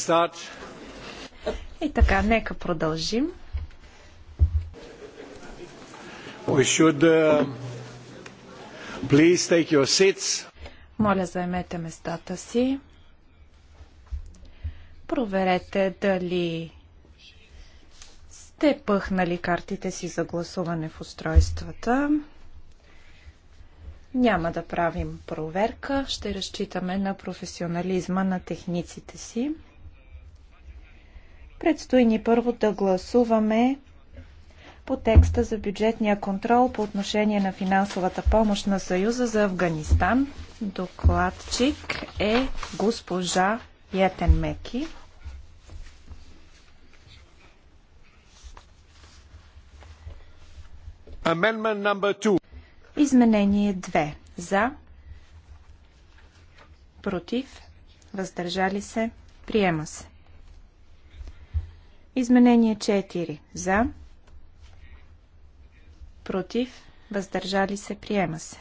Start. И така, нека продължим. We should, uh, please take your seats. Моля, заемете местата си. Проверете дали сте пъхнали картите си за гласуване в устройствата. Няма да правим проверка, ще разчитаме на професионализма на техниците си. Предстои ни първо да гласуваме по текста за бюджетния контрол по отношение на финансовата помощ на Съюза за Афганистан. Докладчик е госпожа Йетен Меки. Изменение 2. За. Против. Въздържали се. Приема се. Изменение 4. За. Против. Въздържали се. Приема се.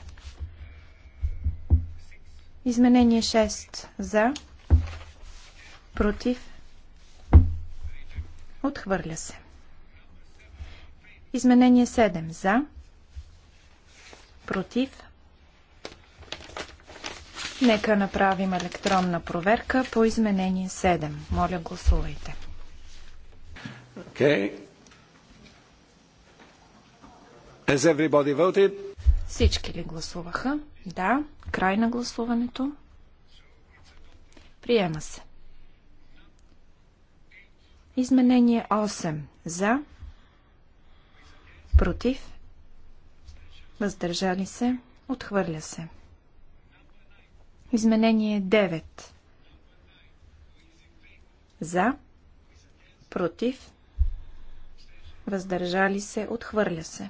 Изменение 6. За. Против. Отхвърля се. Изменение 7. За. Против. Нека направим електронна проверка по изменение 7. Моля, гласувайте. Okay. Has everybody voted? Всички ли гласуваха? Да. Край на гласуването. Приема се. Изменение 8. За. Против. Въздържали се. Отхвърля се. Изменение 9. За. Против въздържали се, отхвърля се.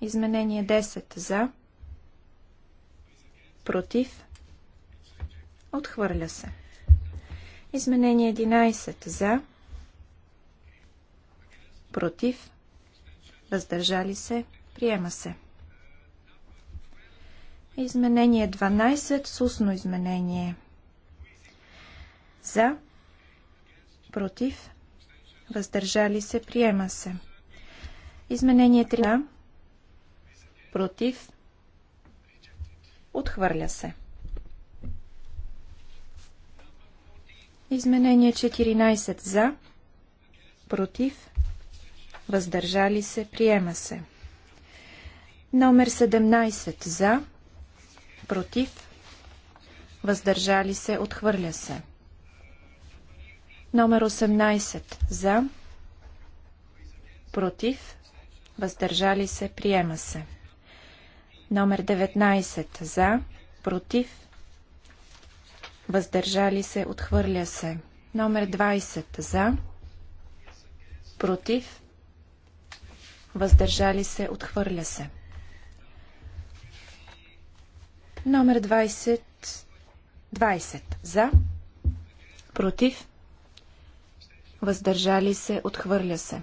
Изменение 10 за, против, отхвърля се. Изменение 11 за, против, въздържали се, приема се. Изменение 12 с устно изменение. За, против, въздържали се, приема се. Изменение 3 против, отхвърля се. Изменение 14 за, против, въздържали се, приема се. Номер 17 за, против, въздържали се, отхвърля се. Номер 18. За. Против. Въздържали се. Приема се. Номер 19. За. Против. Въздържали се. Отхвърля се. Номер 20. За. Против. Въздържали се. Отхвърля се. Номер 20. 20. За. Против въздържали се, отхвърля се.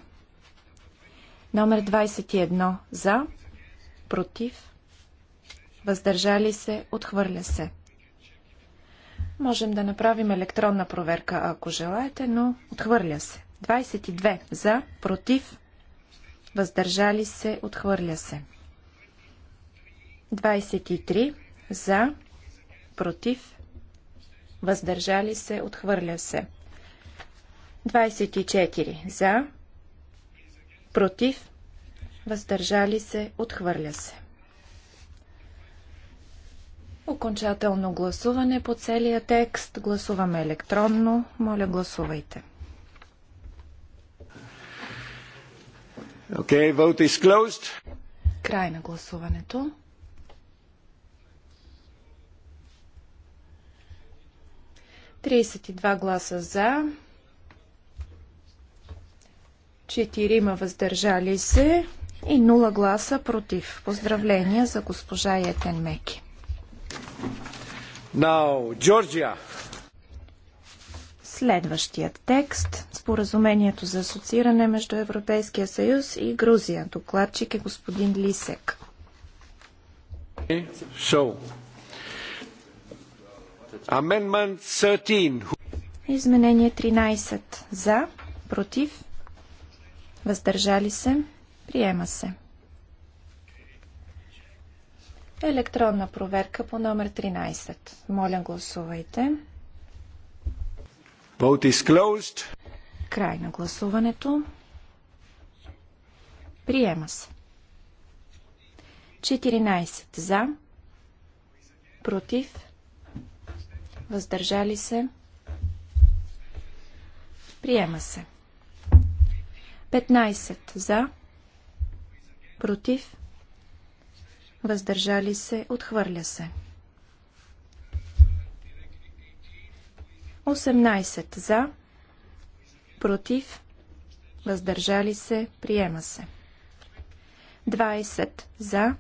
Номер 21 за, против, въздържали се, отхвърля се. Можем да направим електронна проверка, ако желаете, но отхвърля се. 22 за, против, въздържали се, отхвърля се. 23 за, против, въздържали се, отхвърля се. 24 за, против, въздържали се, отхвърля се. Окончателно гласуване по целия текст. Гласуваме електронно. Моля, гласувайте. Okay, vote is closed. Край на гласуването. Тридесет и два гласа за, 4 въздържали се и 0 гласа против. Поздравления за госпожа Етен Меки. Now, Georgia. Следващият текст – Споразумението за асоцииране между Европейския съюз и Грузия. Докладчик е господин Лисек. So. Amendment 13. Изменение 13. За, против, Въздържали се. Приема се. Електронна проверка по номер 13. Моля, гласувайте. Vote is closed. Край на гласуването. Приема се. 14 за, против, въздържали се. Приема се. 15 за, против, въздържали се, отхвърля се. 18 за, против, въздържали се, приема се. 20 за,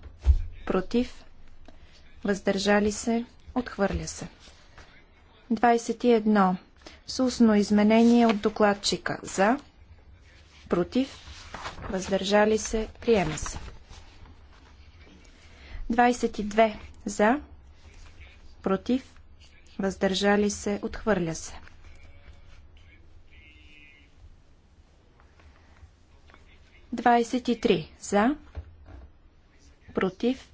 против, въздържали се, отхвърля се. 21. С устно изменение от докладчика за, против, въздържали се, приема се. 22 за, против, въздържали се, отхвърля се. Двадесет и три за, против,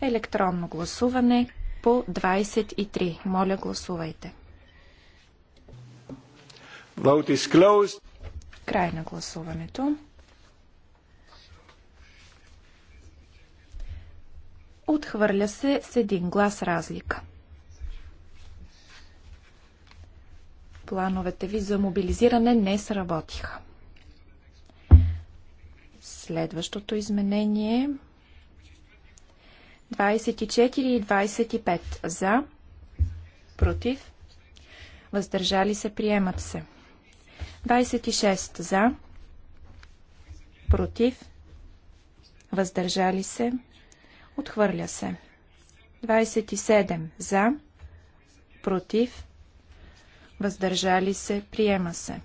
електронно гласуване по 23. Моля, гласувайте. Vote is closed. Край на гласуването. Отхвърля се с един глас разлика. Плановете ви за мобилизиране не сработиха. Следващото изменение 24 и 25 за, против, въздържали се, приемат се. 26 за, против, въздържали се, отхвърля се. 27 за, против, въздържали се, приема се.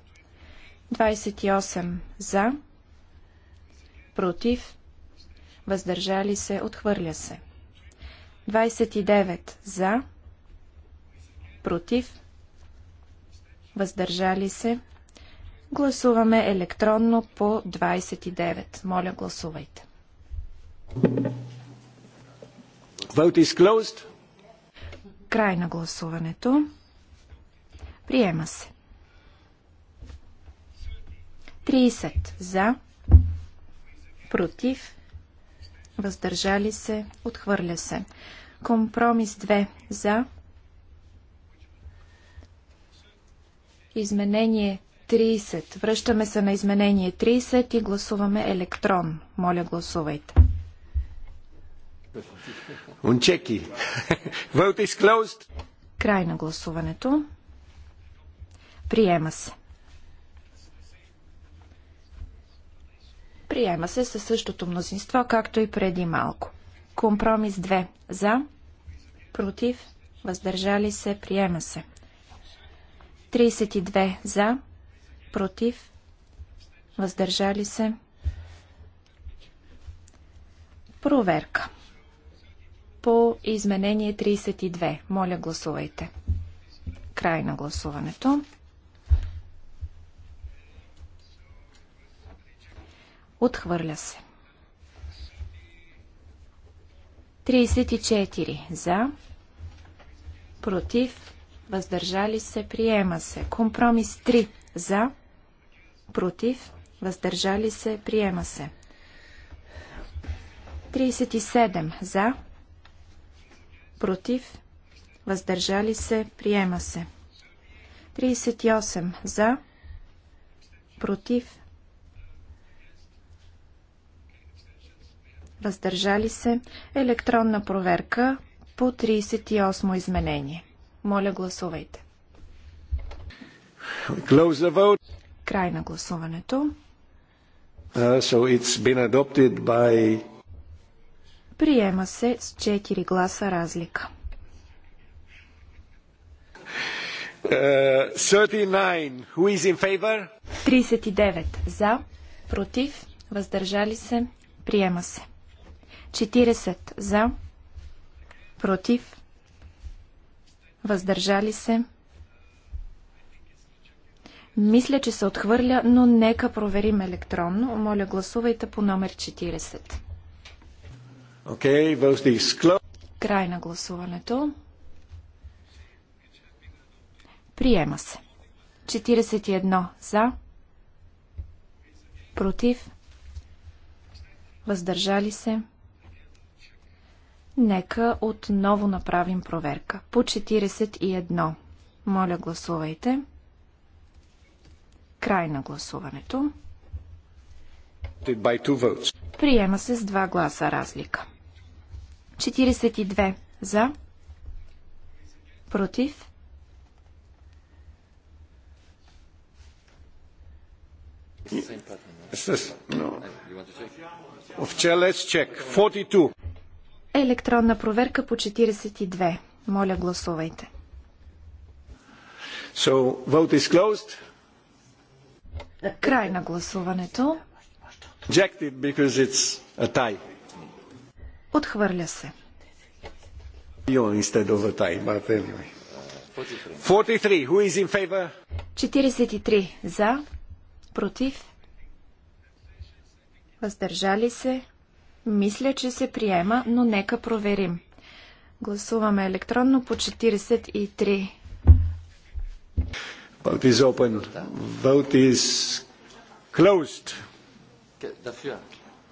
28 за, против, въздържали се, отхвърля се. 29 за, против, въздържали се, Гласуваме електронно по 29. Моля, гласувайте. Vote is closed. Край на гласуването. Приема се. 30 за, против, въздържали се, отхвърля се. Компромис 2 за, изменение 30. Връщаме се на изменение 30 и гласуваме електрон. Моля, гласувайте. Унчеки. Vote is closed. Край на гласуването. Приема се. Приема се със същото мнозинство, както и преди малко. Компромис 2. За. Против. Въздържали се. Приема се. 32. За против, въздържали се. Проверка. По изменение 32. Моля, гласувайте. Край на гласуването. Отхвърля се. 34 за, против, въздържали се, приема се. Компромис 3 за, против, въздържали се, приема се. 37 за, против, въздържали се, приема се. 38 за, против, въздържали се, електронна проверка по 38 изменение. Моля, гласувайте. Край на гласуването. Uh, so by... Приема се с 4 гласа разлика. Uh, 39. Who is in favor? 39. За, против, въздържали се, приема се. 40. За, против, въздържали се, мисля, че се отхвърля, но нека проверим електронно. Моля, гласувайте по номер 40. Okay, Край на гласуването. Приема се. 41 за. Против. Въздържали се. Нека отново направим проверка. По 41. Моля, гласувайте. Край на гласуването. Приема се с два гласа разлика. 42 за, против, Електронна проверка по 42. Моля, гласувайте. So, Край на гласуването. Отхвърля се. 43 за, против, въздържали се. Мисля, че се приема, но нека проверим. Гласуваме електронно по 43. Vote is open. Vote is closed. Dafür.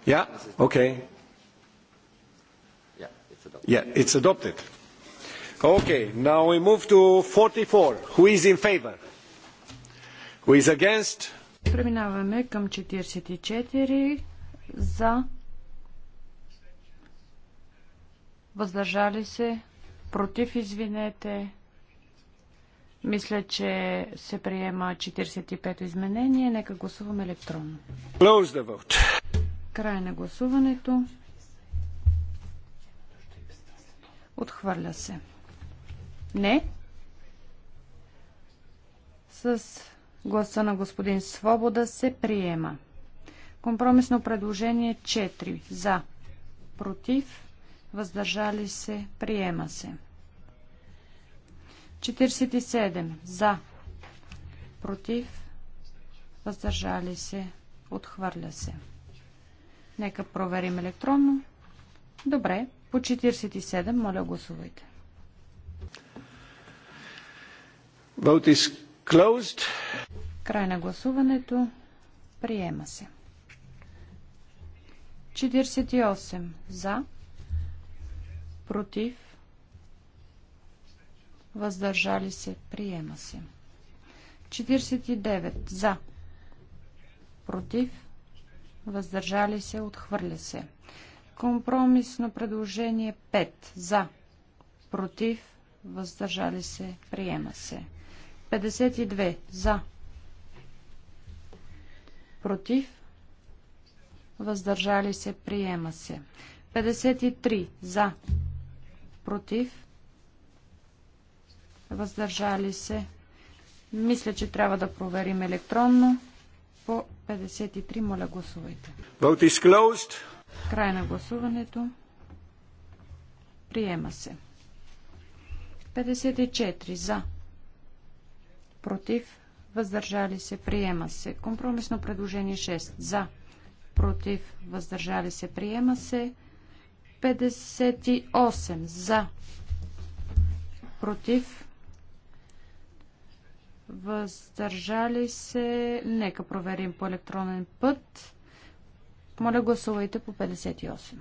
Yeah, okay. Yeah, it's adopted. Yeah, it's adopted. Okay, now we move to 44. Who is in favor? Who is against? Преминаваме към 44 за въздържали се против извинете мисля, че се приема 45 изменение. Нека гласуваме електронно. Край на гласуването. Отхвърля се. Не. С гласа на господин Свобода се приема. Компромисно предложение 4. За. Против. Въздържали се. Приема се. 47 за, против, въздържали се, отхвърля се. Нека проверим електронно. Добре, по 47, моля гласувайте. Vote is closed. Край на гласуването. Приема се. 48 за, против, въздържали се, приема се. 49 за, против, въздържали се, отхвърля се. Компромисно предложение 5 за, против, въздържали се, приема се. 52 за, против, въздържали се, приема се. 53 за, против, въздържали се. Мисля, че трябва да проверим електронно. По 53, моля гласувайте. Vote is closed. Край на гласуването. Приема се. 54 за. Против. Въздържали се. Приема се. Компромисно предложение 6 за. Против. Въздържали се. Приема се. 58 за. Против въздържали се. Нека проверим по електронен път. Моля, гласувайте по 58.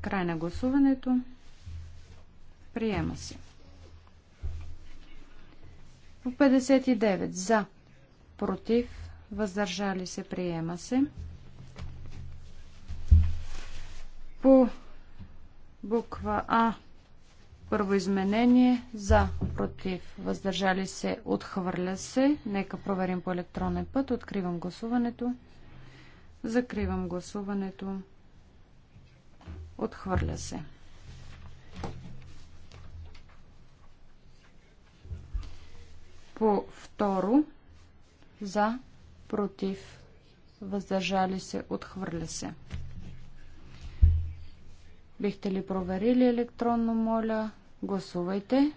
Край на гласуването. Приема се. По 59 за, против, въздържали се, приема се. По буква А първо изменение за, против, въздържали се, отхвърля се. Нека проверим по електронен път. Откривам гласуването. Закривам гласуването. Отхвърля се. По второ, за, против, въздържали се, отхвърля се. Бихте ли проверили електронно, моля? Гласувайте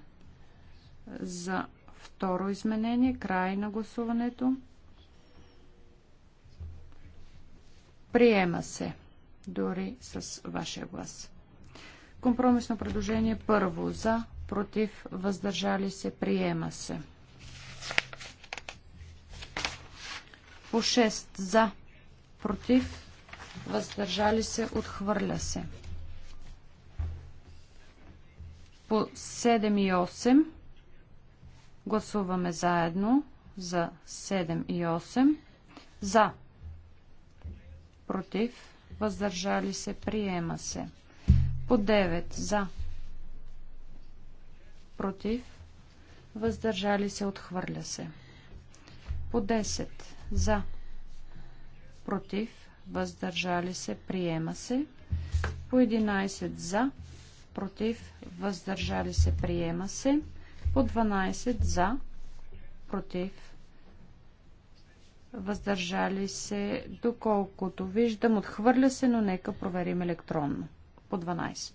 за второ изменение, край на гласуването. Приема се дори с вашия глас. Компромисно предложение първо за, против, въздържали се, приема се. По 6 за, против, въздържали се, отхвърля се. По 7 и 8 гласуваме заедно за 7 и 8. За. Против. Въздържали се. Приема се. По 9. За. Против. Въздържали се. Отхвърля се. По 10. За. Против. Въздържали се. Приема се. По 11. За против, въздържали се, приема се. По 12 за, против, въздържали се, доколкото виждам, отхвърля се, но нека проверим електронно. По 12.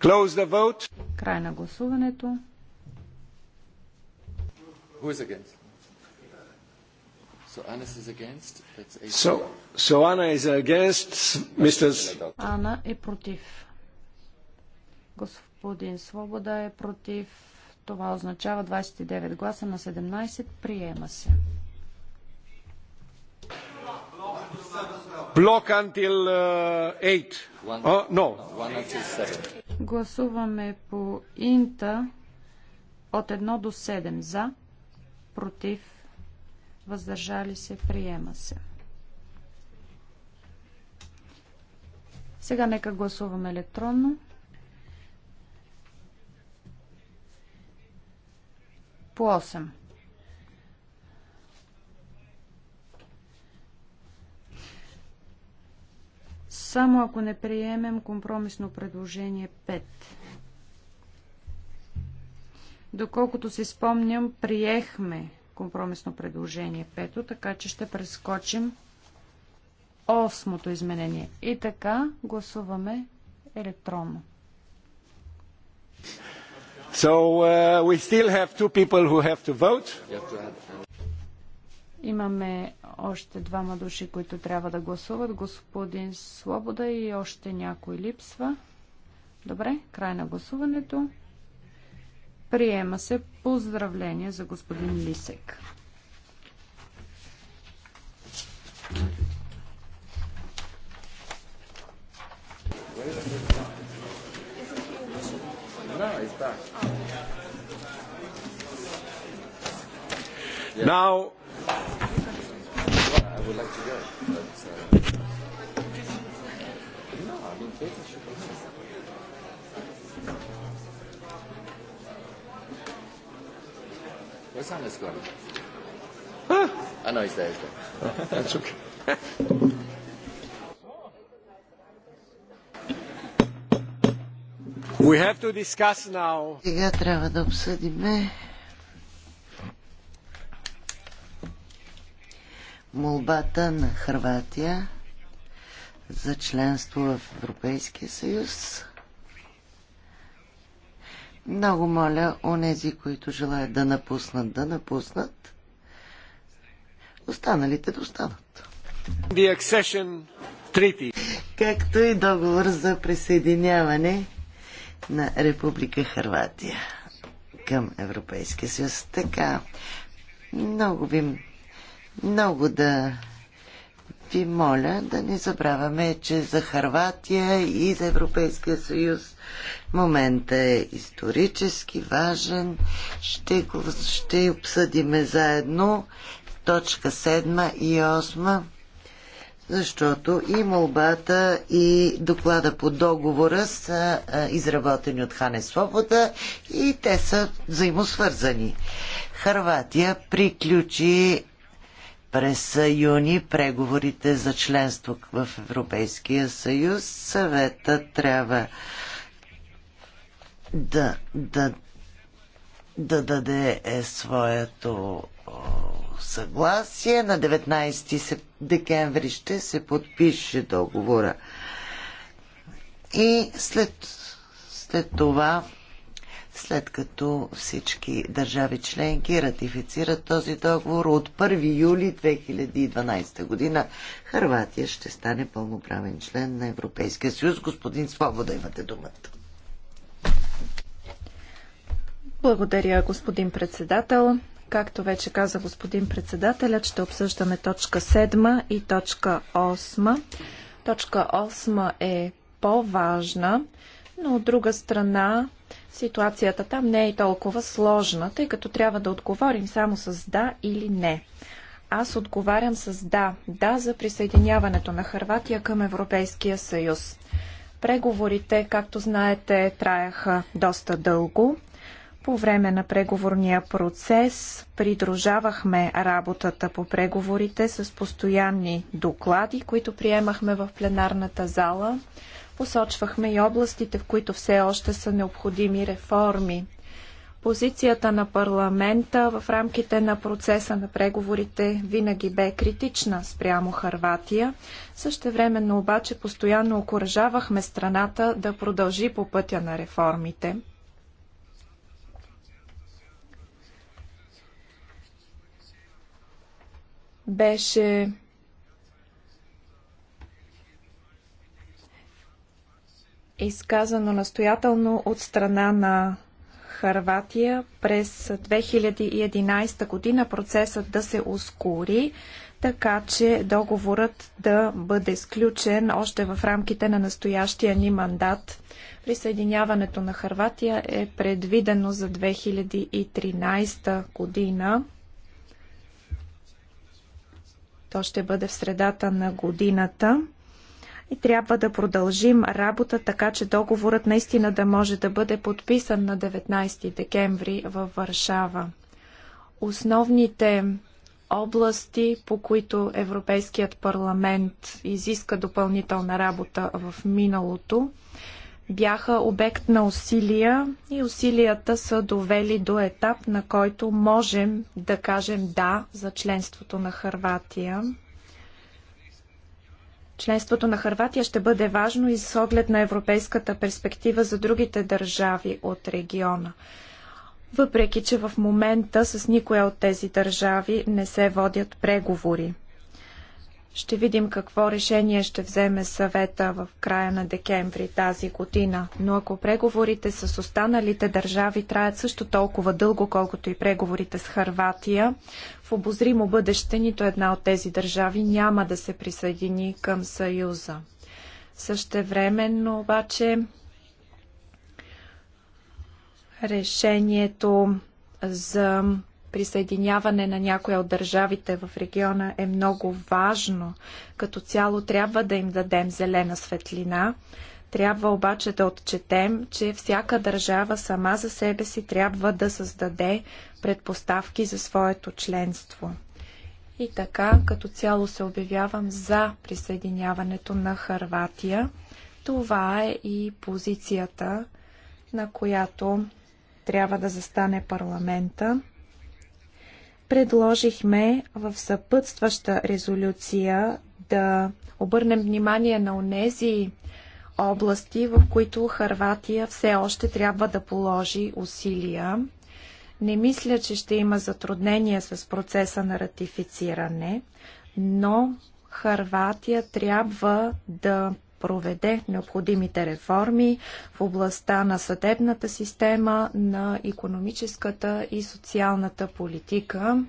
Close the vote. Край на гласуването. Who is against? So Anna is against. That's so, so Anna is against Mr. Anna е против. Господин Свобода е против. Това означава 29 гласа на 17. Приема се. Блок until uh, 8. Uh, no. Гласуваме по инта от 1 до 7 за, против, въздържали се, приема се. Сега нека гласуваме електронно. по 8. Само ако не приемем компромисно предложение 5. Доколкото си спомням, приехме компромисно предложение 5, така че ще прескочим осмото изменение. И така гласуваме електронно. So uh, we still have two people who have to vote. Имаме още двама души, които трябва да гласуват. Господин Свобода и още някой липсва. Добре, край на гласуването. Приема се поздравление за господин Лисек. No, he's back. Now, Where's Hannes gone? Huh? I know he's there. He's gone. Oh, that's okay. We have to discuss now. Сега трябва да молбата на Хрватия за членство в Европейския съюз. Много моля онези, които желаят да напуснат, да напуснат. Останалите да останат. The accession treaty. Както и договор за присъединяване на Република Харватия към Европейския съюз. Така, много ви много да ви моля да не забравяме, че за Харватия и за Европейския съюз момента е исторически важен. Ще, го, ще обсъдиме заедно точка 7 и 8 защото и молбата, и доклада по договора са изработени от Хане Свобода и те са взаимосвързани. Харватия приключи през юни преговорите за членство в Европейския съюз съвета трябва да, да, да даде е своето съгласие. На 19 декември ще се подпише договора. И след, след това след като всички държави членки ратифицират този договор от 1 юли 2012 година Харватия ще стане пълноправен член на Европейския съюз. Господин Свобода, имате думата. Благодаря, господин председател. Както вече каза господин председателят, ще обсъждаме точка 7 и точка 8. Точка 8 е по-важна, но от друга страна Ситуацията там не е толкова сложна, тъй като трябва да отговорим само с да или не. Аз отговарям с да. Да за присъединяването на Харватия към Европейския съюз. Преговорите, както знаете, траяха доста дълго. По време на преговорния процес придружавахме работата по преговорите с постоянни доклади, които приемахме в пленарната зала. Посочвахме и областите, в които все още са необходими реформи. Позицията на парламента в рамките на процеса на преговорите винаги бе критична спрямо Харватия. Същевременно обаче постоянно окоръжавахме страната да продължи по пътя на реформите. Беше изказано настоятелно от страна на Харватия през 2011 година процесът да се ускори, така че договорът да бъде сключен още в рамките на настоящия ни мандат. Присъединяването на Харватия е предвидено за 2013 година. То ще бъде в средата на годината. И трябва да продължим работа, така че договорът наистина да може да бъде подписан на 19 декември във Варшава. Основните области, по които Европейският парламент изиска допълнителна работа в миналото, бяха обект на усилия и усилията са довели до етап, на който можем да кажем да за членството на Харватия. Членството на Харватия ще бъде важно и с оглед на европейската перспектива за другите държави от региона. Въпреки, че в момента с никоя от тези държави не се водят преговори. Ще видим какво решение ще вземе съвета в края на декември тази година. Но ако преговорите с останалите държави траят също толкова дълго, колкото и преговорите с Харватия, в обозримо бъдеще нито една от тези държави няма да се присъедини към Съюза. Същевременно обаче решението за присъединяване на някоя от държавите в региона е много важно. Като цяло трябва да им дадем зелена светлина. Трябва обаче да отчетем, че всяка държава сама за себе си трябва да създаде предпоставки за своето членство. И така, като цяло се обявявам за присъединяването на Харватия. Това е и позицията, на която трябва да застане парламента предложихме в съпътстваща резолюция да обърнем внимание на онези области, в които Харватия все още трябва да положи усилия. Не мисля, че ще има затруднения с процеса на ратифициране, но Харватия трябва да проведе необходимите реформи в областта на съдебната система, на економическата и социалната политика.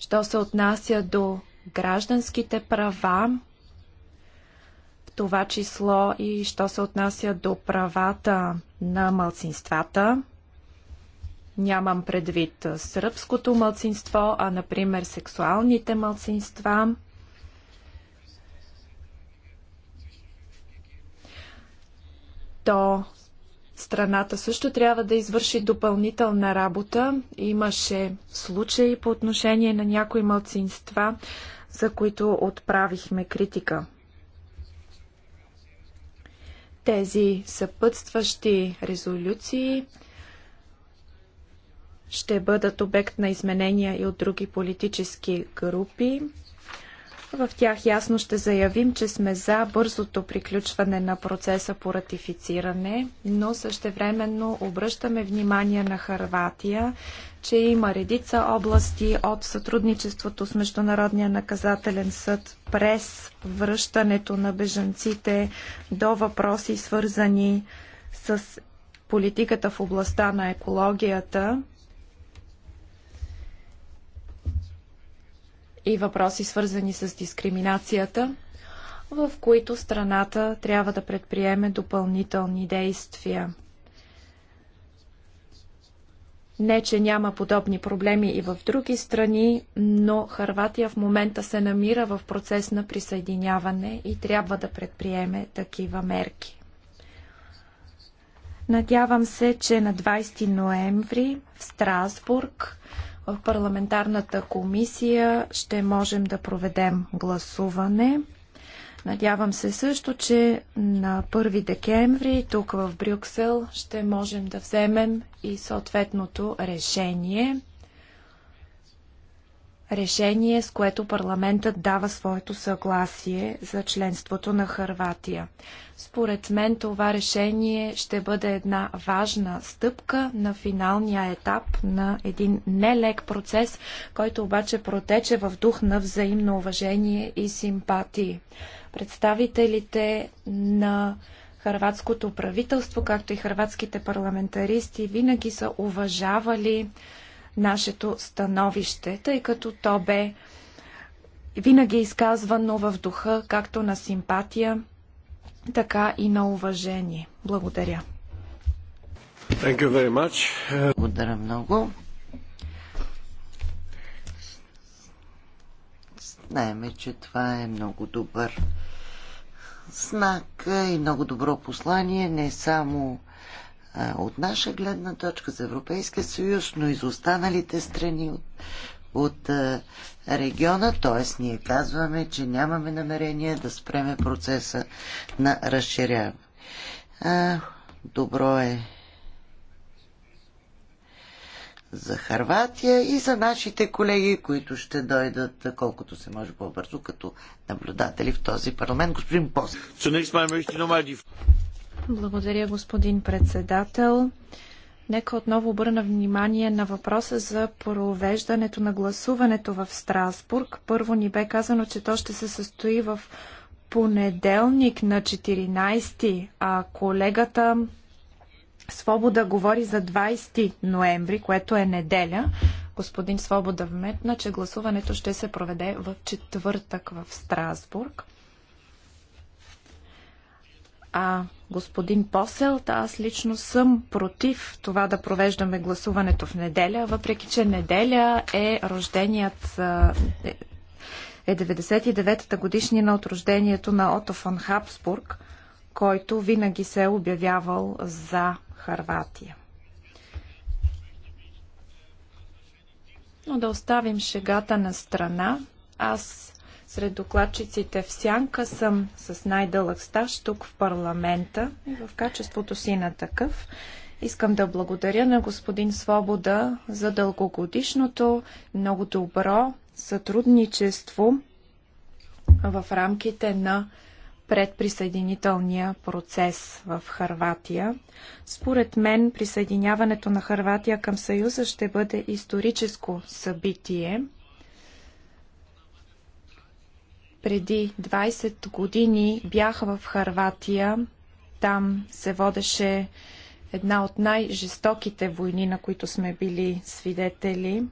Що се отнася до гражданските права, в това число и що се отнася до правата на малцинствата, нямам предвид сръбското мълцинство, а например сексуалните мълцинства – то страната също трябва да извърши допълнителна работа. Имаше случаи по отношение на някои мълцинства, за които отправихме критика. Тези съпътстващи резолюции ще бъдат обект на изменения и от други политически групи. В тях ясно ще заявим, че сме за бързото приключване на процеса по ратифициране, но същевременно обръщаме внимание на Харватия, че има редица области от сътрудничеството с Международния наказателен съд през връщането на бежанците до въпроси свързани с политиката в областта на екологията, и въпроси свързани с дискриминацията, в които страната трябва да предприеме допълнителни действия. Не, че няма подобни проблеми и в други страни, но Харватия в момента се намира в процес на присъединяване и трябва да предприеме такива мерки. Надявам се, че на 20 ноември в Страсбург в парламентарната комисия ще можем да проведем гласуване. Надявам се също, че на 1 декември тук в Брюксел ще можем да вземем и съответното решение решение, с което парламентът дава своето съгласие за членството на Харватия. Според мен това решение ще бъде една важна стъпка на финалния етап на един нелек процес, който обаче протече в дух на взаимно уважение и симпатии. Представителите на хърватското правителство, както и хърватските парламентаристи, винаги са уважавали нашето становище, тъй като то бе винаги изказвано в духа както на симпатия, така и на уважение. Благодаря. Thank you very much. Благодаря много. Знаеме, че това е много добър знак и много добро послание, не само от наша гледна точка за Европейския съюз, но и за останалите страни от, от региона, т.е. ние казваме, че нямаме намерение да спреме процеса на разширяване. Добро е за Харватия и за нашите колеги, които ще дойдат колкото се може по-бързо като наблюдатели в този парламент. Господин Пост. Благодаря, господин председател. Нека отново обърна внимание на въпроса за провеждането на гласуването в Страсбург. Първо ни бе казано, че то ще се състои в понеделник на 14, а колегата Свобода говори за 20 ноември, което е неделя. Господин Свобода вметна, че гласуването ще се проведе в четвъртък в Страсбург. А господин Поселт, аз лично съм против това да провеждаме гласуването в неделя, въпреки че неделя е рожденият е 99-та е годишнина от рождението на Ото фон Хабсбург, който винаги се е обявявал за Харватия. Но да оставим шегата на страна. Аз сред докладчиците в Сянка съм с най-дълъг стаж тук в парламента и в качеството си на такъв. Искам да благодаря на господин Свобода за дългогодишното, много добро сътрудничество в рамките на предприсъединителния процес в Харватия. Според мен присъединяването на Харватия към Съюза ще бъде историческо събитие. преди 20 години бях в Харватия. Там се водеше една от най-жестоките войни, на които сме били свидетели.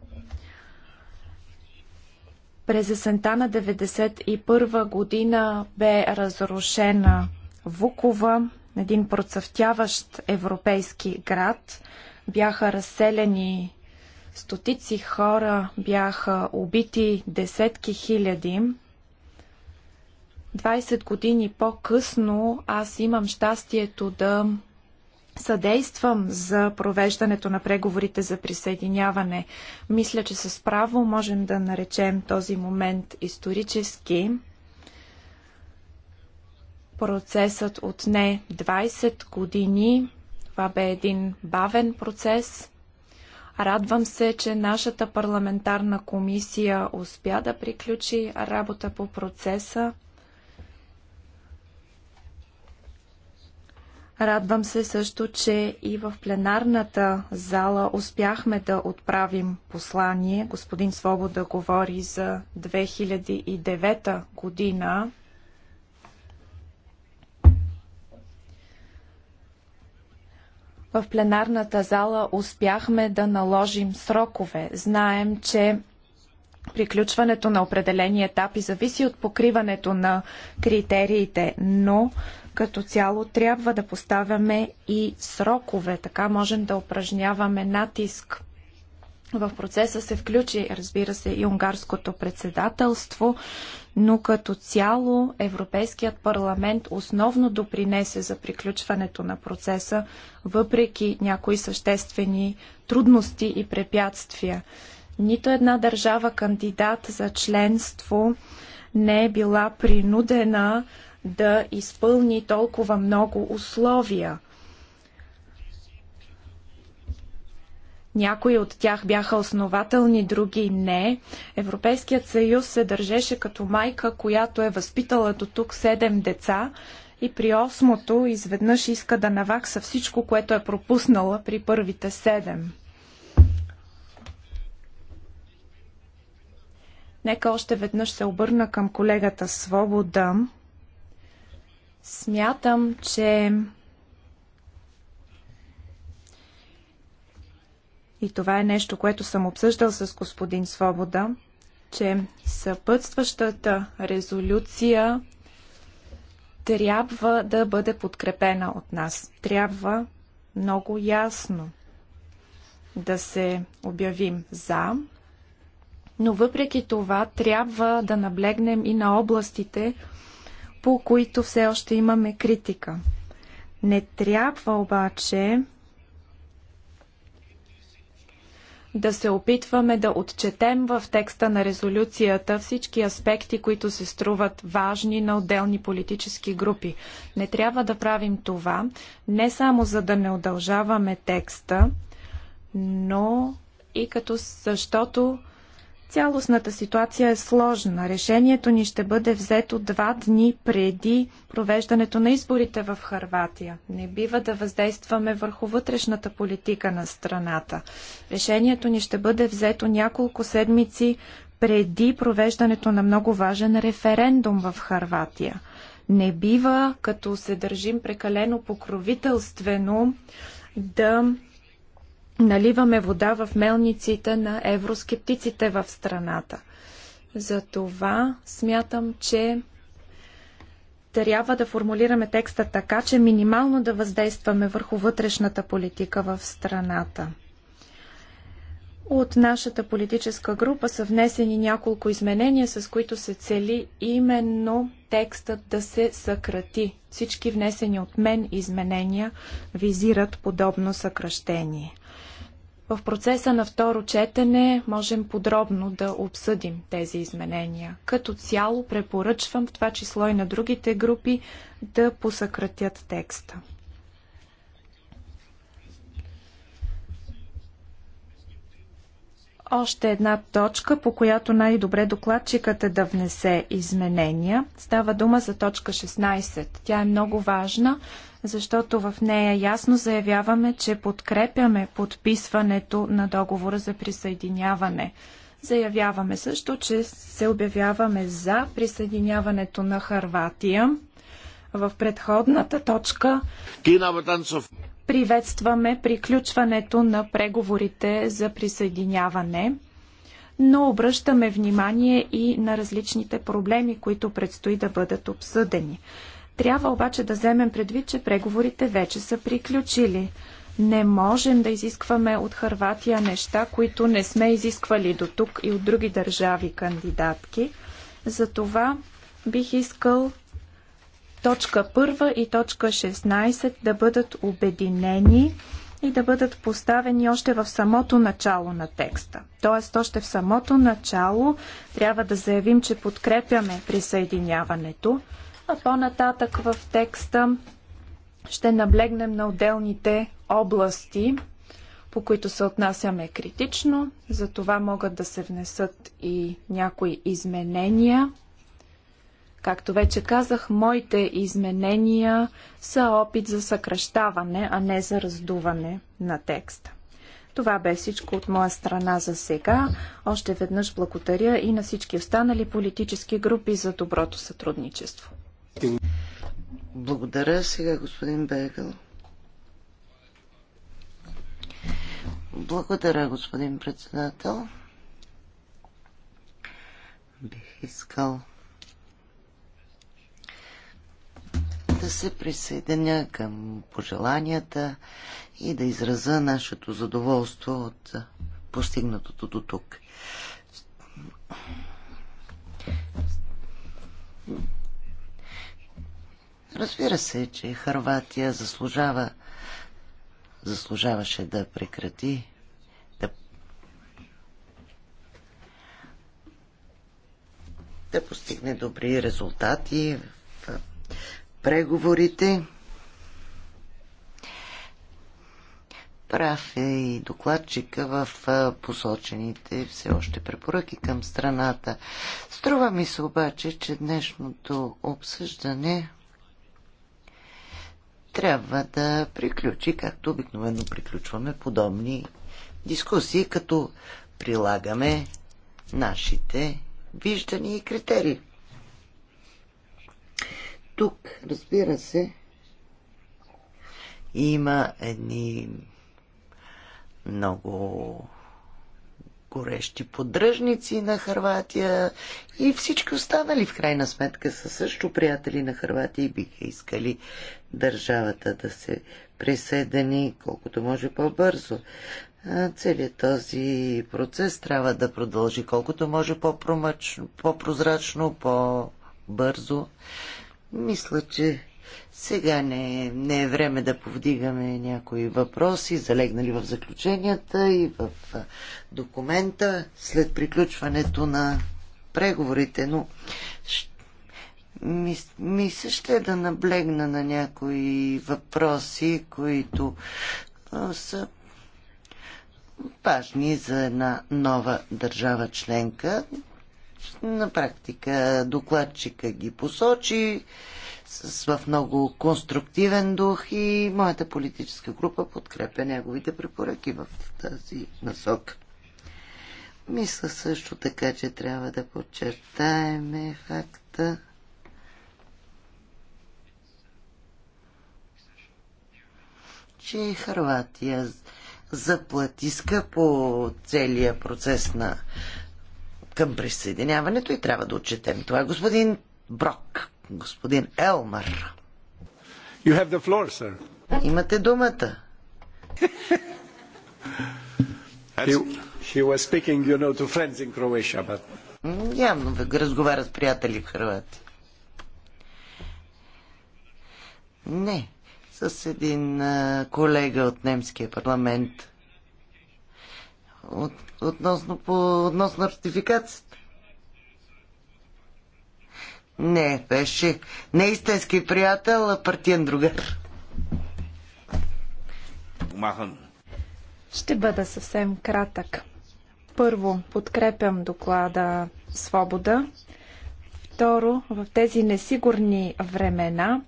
През есента на 1991 година бе разрушена Вукова, един процъфтяващ европейски град. Бяха разселени стотици хора, бяха убити десетки хиляди. 20 години по-късно аз имам щастието да съдействам за провеждането на преговорите за присъединяване. Мисля, че с право можем да наречем този момент исторически. Процесът отне 20 години. Това бе един бавен процес. Радвам се, че нашата парламентарна комисия успя да приключи работа по процеса. Радвам се също, че и в пленарната зала успяхме да отправим послание. Господин Свобода говори за 2009 година. В пленарната зала успяхме да наложим срокове. Знаем, че приключването на определени етапи зависи от покриването на критериите, но като цяло трябва да поставяме и срокове, така можем да упражняваме натиск. В процеса се включи, разбира се, и унгарското председателство, но като цяло Европейският парламент основно допринесе за приключването на процеса, въпреки някои съществени трудности и препятствия. Нито една държава кандидат за членство не е била принудена да изпълни толкова много условия. Някои от тях бяха основателни, други не. Европейският съюз се държеше като майка, която е възпитала до тук седем деца и при осмото изведнъж иска да навакса всичко, което е пропуснала при първите седем. Нека още веднъж се обърна към колегата Свобода. Смятам, че и това е нещо, което съм обсъждал с господин Свобода, че съпътстващата резолюция трябва да бъде подкрепена от нас. Трябва много ясно да се обявим за, но въпреки това трябва да наблегнем и на областите, по които все още имаме критика. Не трябва обаче да се опитваме да отчетем в текста на резолюцията всички аспекти, които се струват важни на отделни политически групи. Не трябва да правим това, не само за да не удължаваме текста, но и като защото Цялостната ситуация е сложна. Решението ни ще бъде взето два дни преди провеждането на изборите в Харватия. Не бива да въздействаме върху вътрешната политика на страната. Решението ни ще бъде взето няколко седмици преди провеждането на много важен референдум в Харватия. Не бива, като се държим прекалено покровителствено, да наливаме вода в мелниците на евроскептиците в страната. Затова смятам, че трябва да формулираме текста така, че минимално да въздействаме върху вътрешната политика в страната. От нашата политическа група са внесени няколко изменения, с които се цели именно текстът да се съкрати. Всички внесени от мен изменения визират подобно съкръщение. В процеса на второ четене можем подробно да обсъдим тези изменения. Като цяло препоръчвам в това число и на другите групи да посъкратят текста. Още една точка, по която най-добре докладчикът е да внесе изменения. Става дума за точка 16. Тя е много важна, защото в нея ясно заявяваме, че подкрепяме подписването на договора за присъединяване. Заявяваме също, че се обявяваме за присъединяването на Харватия. В предходната точка Приветстваме приключването на преговорите за присъединяване, но обръщаме внимание и на различните проблеми, които предстои да бъдат обсъдени. Трябва обаче да вземем предвид, че преговорите вече са приключили. Не можем да изискваме от Харватия неща, които не сме изисквали до тук и от други държави кандидатки. Затова бих искал точка 1 и точка 16 да бъдат обединени и да бъдат поставени още в самото начало на текста. Тоест, още в самото начало трябва да заявим, че подкрепяме присъединяването, а по-нататък в текста ще наблегнем на отделните области, по които се отнасяме критично. За това могат да се внесат и някои изменения Както вече казах, моите изменения са опит за съкръщаване, а не за раздуване на текста. Това бе всичко от моя страна за сега. Още веднъж благодаря и на всички останали политически групи за доброто сътрудничество. Благодаря сега, господин Бегал. Благодаря, господин председател. Бих искал да се присъединя към пожеланията и да израза нашето задоволство от постигнатото до тук. Разбира се, че Харватия заслужава, заслужаваше да прекрати да, да постигне добри резултати в преговорите. Прав е и докладчика в посочените все още препоръки към страната. Струва ми се обаче, че днешното обсъждане трябва да приключи, както обикновено приключваме подобни дискусии, като прилагаме нашите виждания и критерии. Тук, разбира се, има едни много горещи поддръжници на Харватия и всички останали в крайна сметка са също приятели на Харватия и биха искали държавата да се присъедини колкото може по-бързо. Целият този процес трябва да продължи колкото може по-прозрачно, по-бързо. Мисля, че сега не е, не е време да повдигаме някои въпроси, залегнали в заключенията и в документа след приключването на преговорите, но ми, ми се ще да наблегна на някои въпроси, които са важни за една нова държава членка на практика докладчика ги посочи с, в много конструктивен дух и моята политическа група подкрепя неговите препоръки в тази насока. Мисля също така, че трябва да подчертаем факта, че Харватия заплати скъпо целия процес на към присъединяването и трябва да отчетем това. Господин Брок, господин Елмар. You have the floor, sir. Имате думата. he, he was speaking, you know, to friends in Croatia, but... Явно разговаря с приятели в Хрватия. Не, с един а, колега от немския парламент – от, относно, по, относно ратификацията. Не, беше не истински приятел, а партиен другар. Ще бъда съвсем кратък. Първо, подкрепям доклада Свобода. Второ, в тези несигурни времена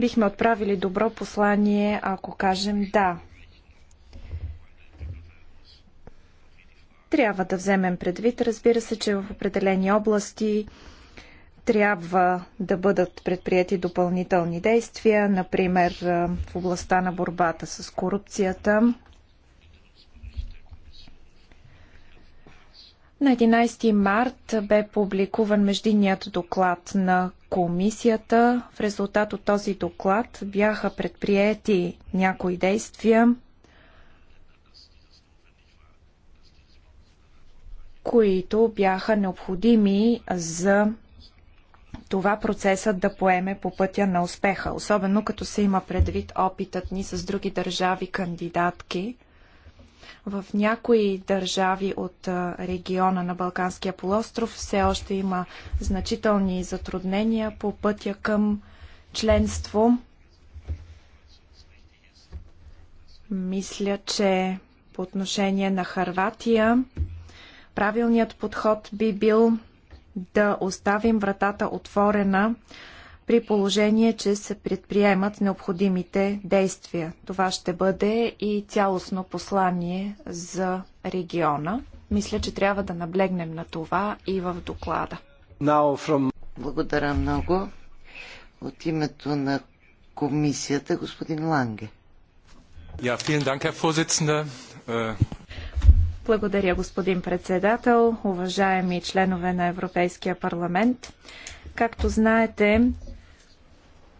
бихме отправили добро послание, ако кажем да. Трябва да вземем предвид, разбира се, че в определени области трябва да бъдат предприяти допълнителни действия, например е, в областта на борбата с корупцията. На 11 март бе публикуван междинният доклад на комисията. В резултат от този доклад бяха предприяти някои действия които бяха необходими за това процесът да поеме по пътя на успеха, особено като се има предвид опитът ни с други държави кандидатки. В някои държави от региона на Балканския полуостров все още има значителни затруднения по пътя към членство. Мисля, че по отношение на Харватия Правилният подход би бил да оставим вратата отворена при положение, че се предприемат необходимите действия. Това ще бъде и цялостно послание за региона. Мисля, че трябва да наблегнем на това и в доклада. Благодаря много. От името на комисията, господин Ланге. Ja, vielen Dank, Herr Vorsitzender. Äh, благодаря, господин председател, уважаеми членове на Европейския парламент. Както знаете,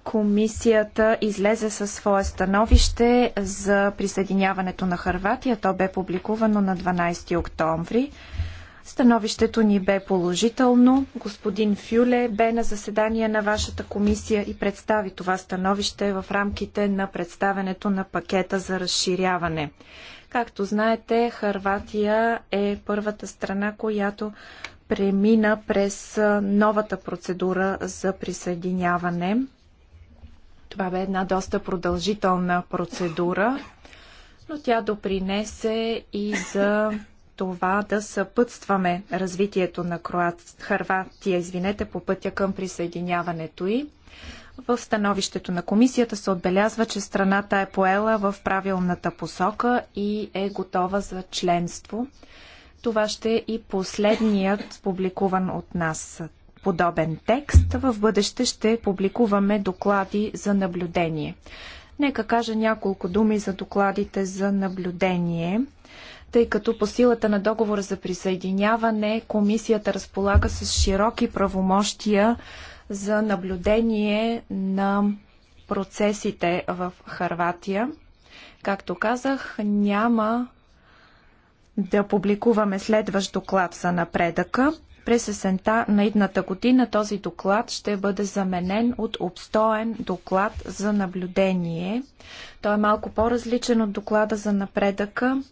комисията излезе със свое становище за присъединяването на Харватия. То бе публикувано на 12 октомври. Становището ни бе положително. Господин Фюле бе на заседание на вашата комисия и представи това становище в рамките на представенето на пакета за разширяване. Както знаете, Харватия е първата страна, която премина през новата процедура за присъединяване. Това бе една доста продължителна процедура, но тя допринесе и за това да съпътстваме развитието на Хърватия, извинете, по пътя към присъединяването й. В становището на комисията се отбелязва, че страната е поела в правилната посока и е готова за членство. Това ще е и последният публикуван от нас подобен текст. В бъдеще ще публикуваме доклади за наблюдение. Нека кажа няколко думи за докладите за наблюдение тъй като по силата на договора за присъединяване комисията разполага с широки правомощия за наблюдение на процесите в Харватия. Както казах, няма да публикуваме следващ доклад за напредъка. През есента на идната година този доклад ще бъде заменен от обстоен доклад за наблюдение. Той е малко по-различен от доклада за напредъка,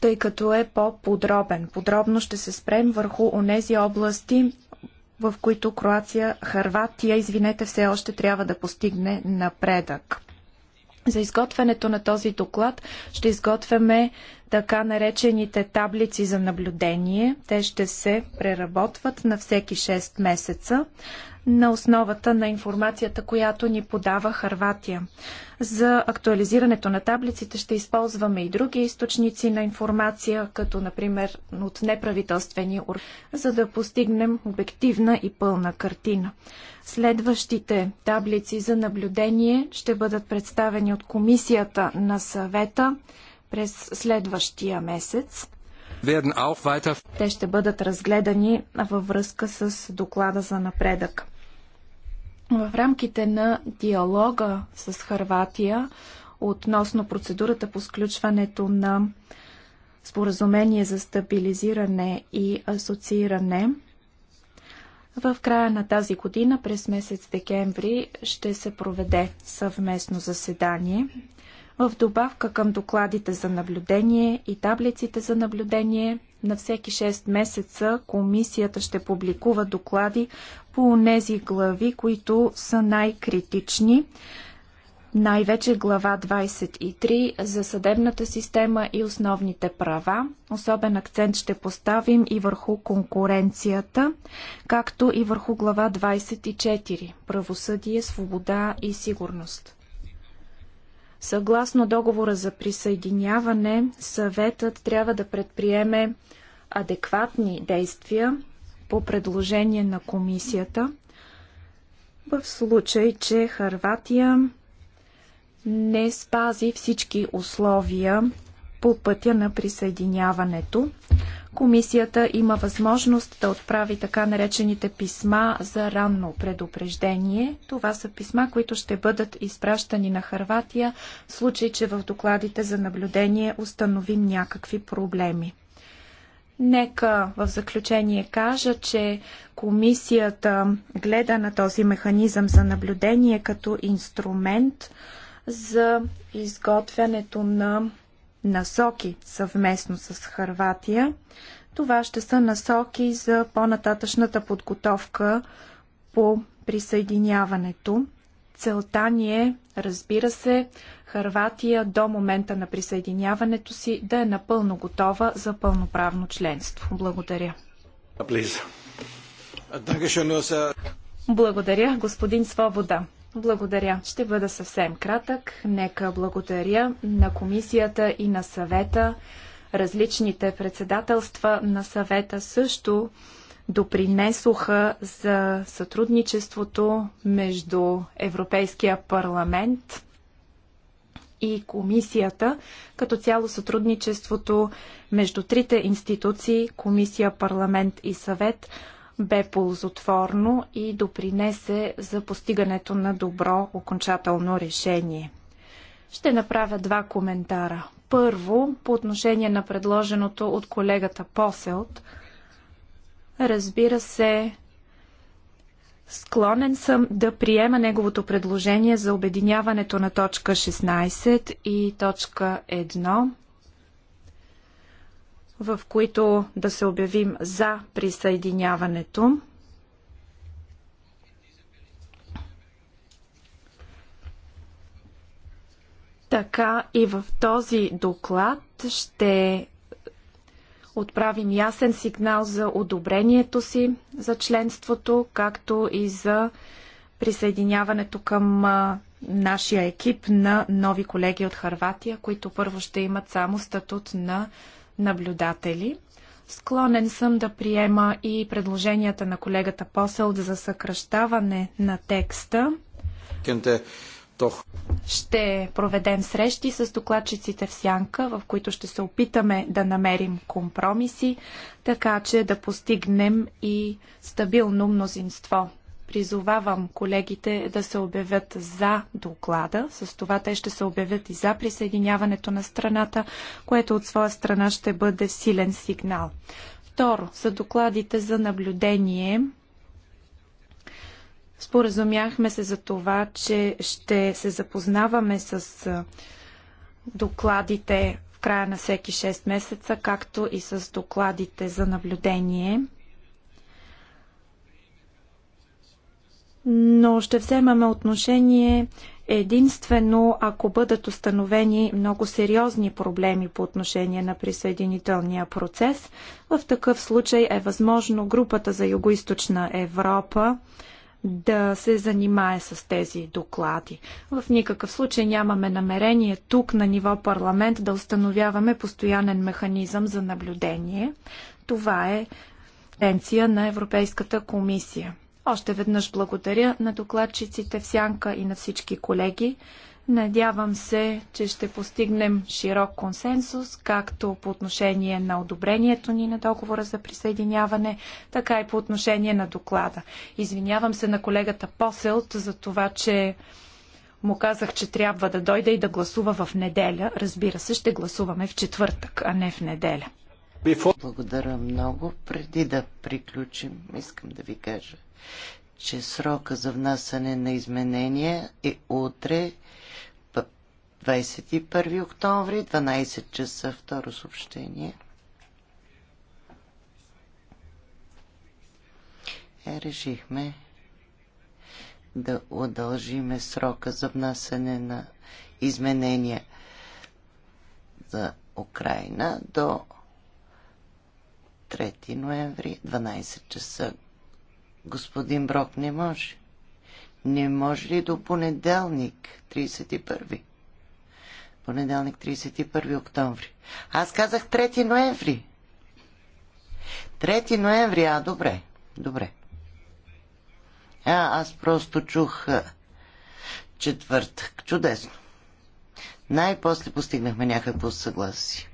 тъй като е по-подробен. Подробно ще се спрем върху онези области, в които Кроация, Харватия, извинете, все още трябва да постигне напредък. За изготвянето на този доклад ще изготвяме така наречените таблици за наблюдение. Те ще се преработват на всеки 6 месеца на основата на информацията, която ни подава Харватия. За актуализирането на таблиците ще използваме и други източници на информация, като например от неправителствени за да постигнем обективна и пълна картина. Следващите таблици за наблюдение ще бъдат представени от комисията на съвета през следващия месец. Те ще бъдат разгледани във връзка с доклада за напредък. В рамките на диалога с Харватия относно процедурата по сключването на споразумение за стабилизиране и асоцииране, в края на тази година, през месец декември, ще се проведе съвместно заседание. В добавка към докладите за наблюдение и таблиците за наблюдение на всеки 6 месеца комисията ще публикува доклади по тези глави, които са най-критични най-вече глава 23 за съдебната система и основните права. Особен акцент ще поставим и върху конкуренцията, както и върху глава 24 правосъдие, свобода и сигурност. Съгласно договора за присъединяване, съветът трябва да предприеме адекватни действия по предложение на комисията, в случай, че Харватия не спази всички условия по пътя на присъединяването комисията има възможност да отправи така наречените писма за ранно предупреждение. Това са писма, които ще бъдат изпращани на Харватия в случай, че в докладите за наблюдение установим някакви проблеми. Нека в заключение кажа, че комисията гледа на този механизъм за наблюдение като инструмент за изготвянето на насоки съвместно с Харватия. Това ще са насоки за по-нататъчната подготовка по присъединяването. Целта ни е, разбира се, Харватия до момента на присъединяването си да е напълно готова за пълноправно членство. Благодаря. Благодаря, господин Свобода. Благодаря. Ще бъда съвсем кратък. Нека благодаря на комисията и на съвета. Различните председателства на съвета също допринесоха за сътрудничеството между Европейския парламент и комисията. Като цяло сътрудничеството между трите институции, комисия, парламент и съвет, бе ползотворно и допринесе за постигането на добро окончателно решение. Ще направя два коментара. Първо, по отношение на предложеното от колегата Поселт, разбира се, Склонен съм да приема неговото предложение за обединяването на точка 16 и точка 1 в които да се обявим за присъединяването. Така и в този доклад ще отправим ясен сигнал за одобрението си за членството, както и за присъединяването към нашия екип на нови колеги от Харватия, които първо ще имат само статут на наблюдатели. Склонен съм да приема и предложенията на колегата Посъл за съкръщаване на текста. Ще проведем срещи с докладчиците в Сянка, в които ще се опитаме да намерим компромиси, така че да постигнем и стабилно мнозинство. Призовавам колегите да се обявят за доклада. С това те ще се обявят и за присъединяването на страната, което от своя страна ще бъде силен сигнал. Второ, за докладите за наблюдение Споразумяхме се за това, че ще се запознаваме с докладите в края на всеки 6 месеца, както и с докладите за наблюдение. но ще вземаме отношение единствено ако бъдат установени много сериозни проблеми по отношение на присъединителния процес. В такъв случай е възможно групата за Югоизточна Европа да се занимае с тези доклади. В никакъв случай нямаме намерение тук на ниво парламент да установяваме постоянен механизъм за наблюдение. Това е тенция на Европейската комисия. Още веднъж благодаря на докладчиците в Сянка и на всички колеги. Надявам се, че ще постигнем широк консенсус, както по отношение на одобрението ни на договора за присъединяване, така и по отношение на доклада. Извинявам се на колегата Поселт за това, че му казах, че трябва да дойде и да гласува в неделя. Разбира се, ще гласуваме в четвъртък, а не в неделя. Благодаря много. Преди да приключим, искам да ви кажа, че срока за внасане на изменения е утре 21 октомври, 12 часа, второ съобщение. Е, решихме да удължиме срока за внасене на изменения за Украина до 3 ноември, 12 часа Господин Брок не може. Не може ли до понеделник, 31? Понеделник, 31 октомври. Аз казах 3 ноември. 3 ноември, а добре, добре. А, аз просто чух четвъртък. Чудесно. Най-после постигнахме някакво съгласие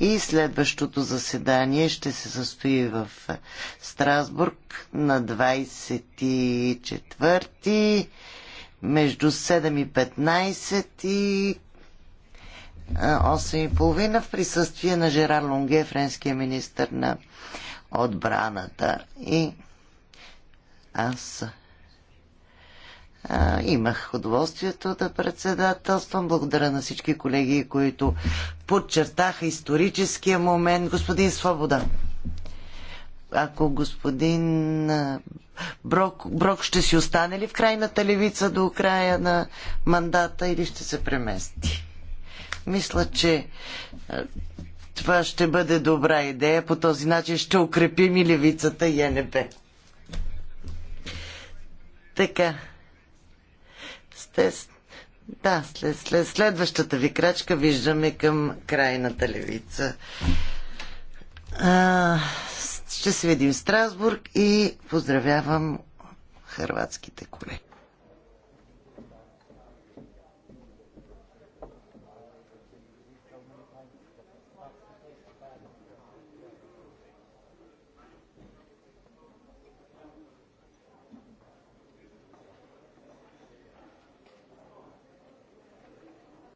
и следващото заседание ще се състои в Страсбург на 24 между 7 и 15 и 8.30 в присъствие на Жерар Лонге, френския министр на отбраната. И аз а, имах удоволствието да председателствам. Благодаря на всички колеги, които подчертаха историческия момент. Господин Свобода, ако господин Брок, Брок ще си остане ли в крайната левица до края на мандата или ще се премести? Мисля, че това ще бъде добра идея. По този начин ще укрепим и левицата и НП. Така сте. Да, след, след следващата ви крачка виждаме към крайната левица. А, ще се видим в Страсбург и поздравявам хърватските колеги.